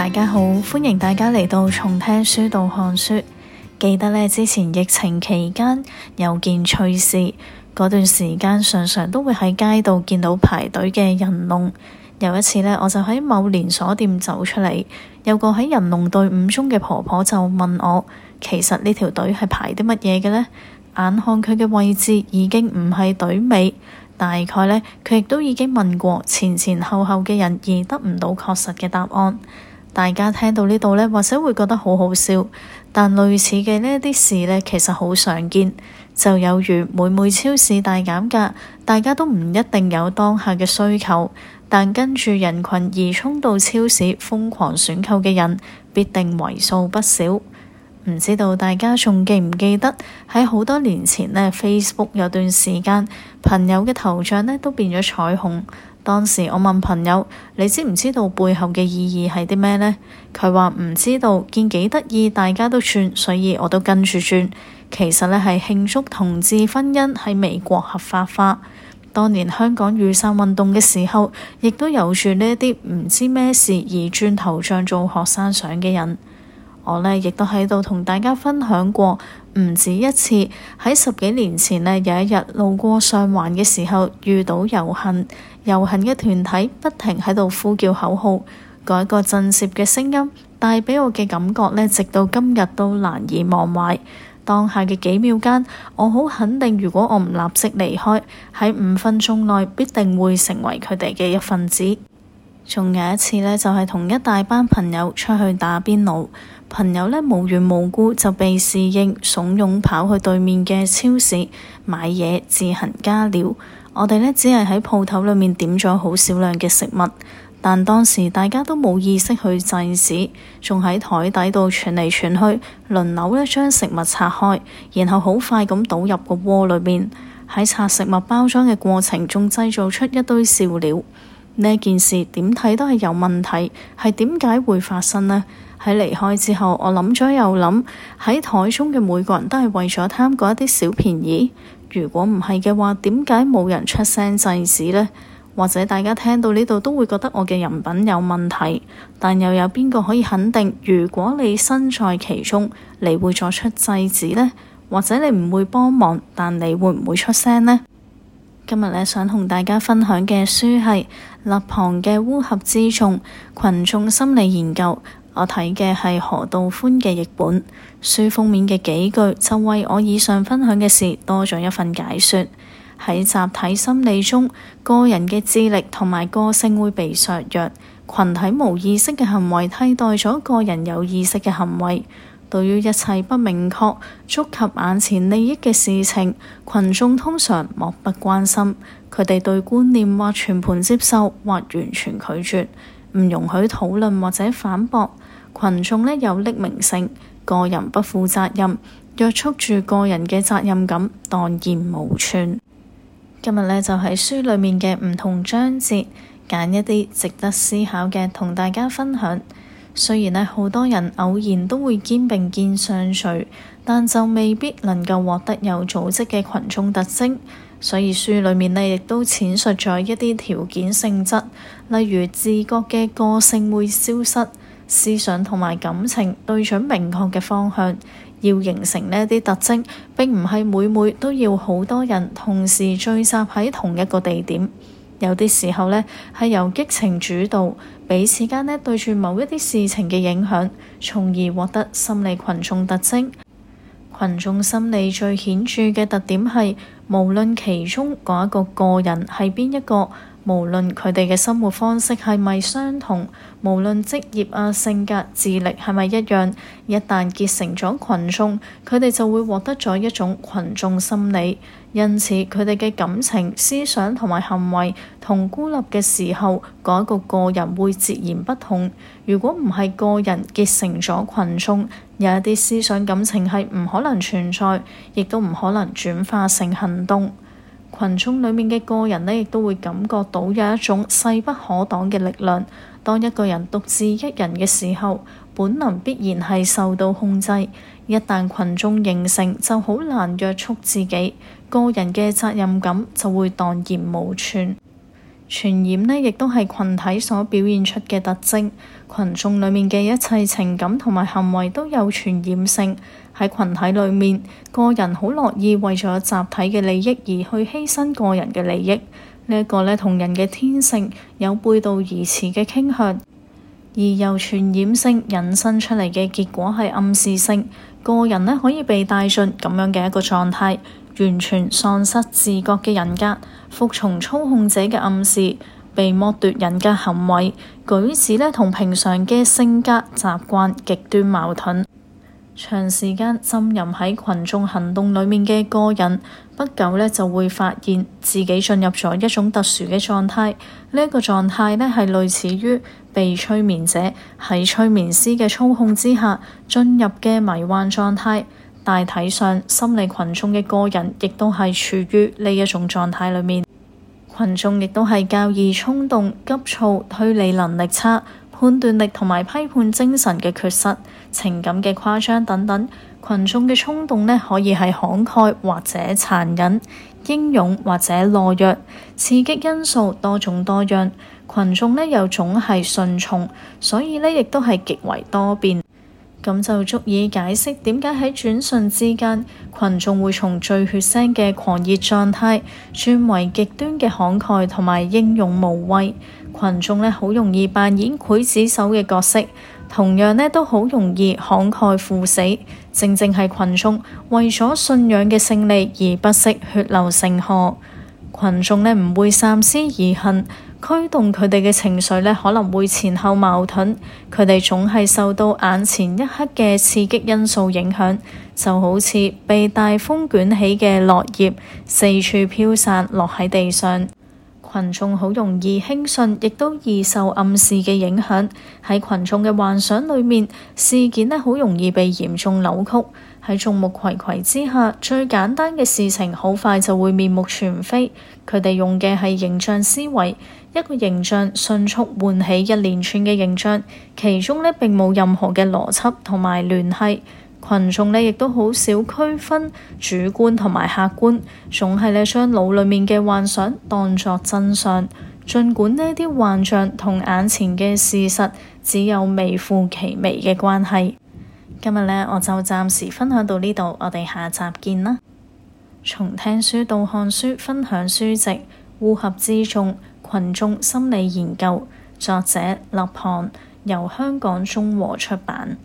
大家好，歡迎大家嚟到從聽書到看書。記得呢之前疫情期間有件趣事，嗰段時間常常都會喺街度見到排隊嘅人龍。有一次呢，我就喺某連鎖店走出嚟，有個喺人龍隊伍中嘅婆婆就問我：「其實呢條隊係排啲乜嘢嘅呢？」眼看佢嘅位置已經唔係隊尾，大概呢，佢亦都已經問過前前後後嘅人而得唔到確實嘅答案。大家聽到呢度呢，或者會覺得好好笑，但類似嘅呢啲事呢，其實好常見。就有如每每超市大減價，大家都唔一定有當下嘅需求，但跟住人群而衝到超市瘋狂選購嘅人，必定為數不少。唔知道大家仲記唔記得喺好多年前呢，Facebook 有段時間，朋友嘅頭像呢都變咗彩虹，當時我問朋友：你知唔知道背後嘅意義係啲咩呢？佢話唔知道，見幾得意，大家都轉，所以我都跟住轉。其實呢係慶祝同志婚姻喺美國合法化。當年香港雨傘運動嘅時候，亦都有住呢啲唔知咩事而轉頭像做學生相嘅人。我呢亦都喺度同大家分享過。唔止一次，喺十幾年前呢，有一日路過上環嘅時候遇到遊行，遊行嘅團體不停喺度呼叫口號，嗰個震懾嘅聲音，帶俾我嘅感覺呢，直到今日都難以忘懷。當下嘅幾秒間，我好肯定，如果我唔立即離開，喺五分鐘內必定會成為佢哋嘅一份子。仲有一次呢，就係同一大班朋友出去打邊爐。朋友呢無緣無故就被侍應慫恿跑去對面嘅超市買嘢自行加料。我哋呢只係喺鋪頭裏面點咗好少量嘅食物，但當時大家都冇意識去制止，仲喺台底度傳嚟傳去，輪流呢將食物拆開，然後好快咁倒入個鍋裏邊。喺拆食物包裝嘅過程中製造出一堆笑料。呢件事點睇都係有問題，係點解會發生呢？喺離開之後，我諗咗又諗，喺台中嘅每個人都係為咗貪過一啲小便宜。如果唔係嘅話，點解冇人出聲制止呢？或者大家聽到呢度都會覺得我嘅人品有問題，但又有邊個可以肯定？如果你身在其中，你會作出制止呢？或者你唔會幫忙，但你會唔會出聲呢？今日咧，想同大家分享嘅書係《立旁嘅烏合之眾：群眾心理研究》。我睇嘅係何道寬嘅譯本，書封面嘅幾句就為我以上分享嘅事多咗一份解說。喺集體心理中，個人嘅智力同埋個性會被削弱，群體無意識嘅行為替代咗個人有意識嘅行為。對於一切不明確，觸及眼前利益嘅事情，群眾通常漠不關心。佢哋對觀念或全盤接受，或完全拒絕。唔容許討論或者反駁，群眾呢有匿名性，個人不負責任，約束住個人嘅責任感，蕩然無存。今日呢，就喺書裡面嘅唔同章節，揀一啲值得思考嘅，同大家分享。雖然呢，好多人偶然都會肩並肩相隨。但就未必能夠獲得有組織嘅群眾特徵，所以書裡面呢亦都闡述咗一啲條件性質，例如自覺嘅個性會消失，思想同埋感情對準明確嘅方向，要形成呢啲特徵，並唔係每每都要好多人同時聚集喺同一個地點。有啲時候呢，係由激情主導，彼此間呢對住某一啲事情嘅影響，從而獲得心理群眾特徵。群眾心理最顯著嘅特點，係無論其中嗰一個個人係邊一個，無論佢哋嘅生活方式係咪相同，無論職業啊、性格、智力係咪一樣，一旦結成咗群眾，佢哋就會獲得咗一種群眾心理，因此佢哋嘅感情、思想同埋行為，同孤立嘅時候嗰一個個人會截然不同。如果唔係個人結成咗群眾，有一啲思想感情係唔可能存在，亦都唔可能轉化成行動。群眾裡面嘅個人呢，亦都會感覺到有一種勢不可擋嘅力量。當一個人獨自一人嘅時候，本能必然係受到控制。一旦群眾形成，就好難約束自己，個人嘅責任感就會蕩然無存。傳染呢，亦都係群體所表現出嘅特徵。群眾裡面嘅一切情感同埋行為都有傳染性。喺群體裡面，個人好樂意為咗集體嘅利益而去犧牲個人嘅利益。這個、呢一個咧，同人嘅天性有背道而馳嘅傾向，而由傳染性引申出嚟嘅結果係暗示性。個人咧可以被帶進咁樣嘅一個狀態，完全喪失自覺嘅人格，服從操控者嘅暗示，被剝奪人格嘅行為舉止咧，同平常嘅性格習慣極端矛盾。長時間浸淫喺群眾行動裡面嘅個人，不久呢就會發現自己進入咗一種特殊嘅狀態。呢一個狀態呢係類似於被催眠者喺催眠師嘅操控之下進入嘅迷幻狀態。大體上，心理群眾嘅個人亦都係處於呢一種狀態裡面。群眾亦都係較易衝動、急躁、推理能力差。判斷力同埋批判精神嘅缺失，情感嘅誇張等等，群眾嘅衝動呢可以係慷慨或者殘忍，英勇或者懦弱，刺激因素多種多樣，群眾呢又總係順從，所以呢亦都係極為多變。咁就足以解釋點解喺轉瞬之間，群眾會從最血腥嘅狂熱狀態轉為極端嘅慷慨同埋英勇無畏。群眾呢好容易扮演劊子手嘅角色，同樣呢都好容易慷慨赴死。正正係群眾為咗信仰嘅勝利而不惜血流成河。群眾呢唔會三思而行。驅動佢哋嘅情緒呢，可能會前後矛盾。佢哋總係受到眼前一刻嘅刺激因素影響，就好似被大風捲起嘅落葉，四處飄散落喺地上。群眾好容易輕信，亦都易受暗示嘅影響。喺群眾嘅幻想裏面，事件呢好容易被嚴重扭曲。喺眾目睽睽之下，最簡單嘅事情好快就會面目全非。佢哋用嘅係形象思維。一個形象迅速喚起一連串嘅形象，其中呢並冇任何嘅邏輯同埋聯繫。群眾呢亦都好少區分主觀同埋客觀，總係呢將腦裡面嘅幻想當作真相，儘管呢啲幻象同眼前嘅事實只有微乎其微嘅關係。今日呢，我就暫時分享到呢度，我哋下集見啦。從聽書到看書，分享書籍，烏合之眾。群眾心理研究》，作者勒龐，由香港中和出版。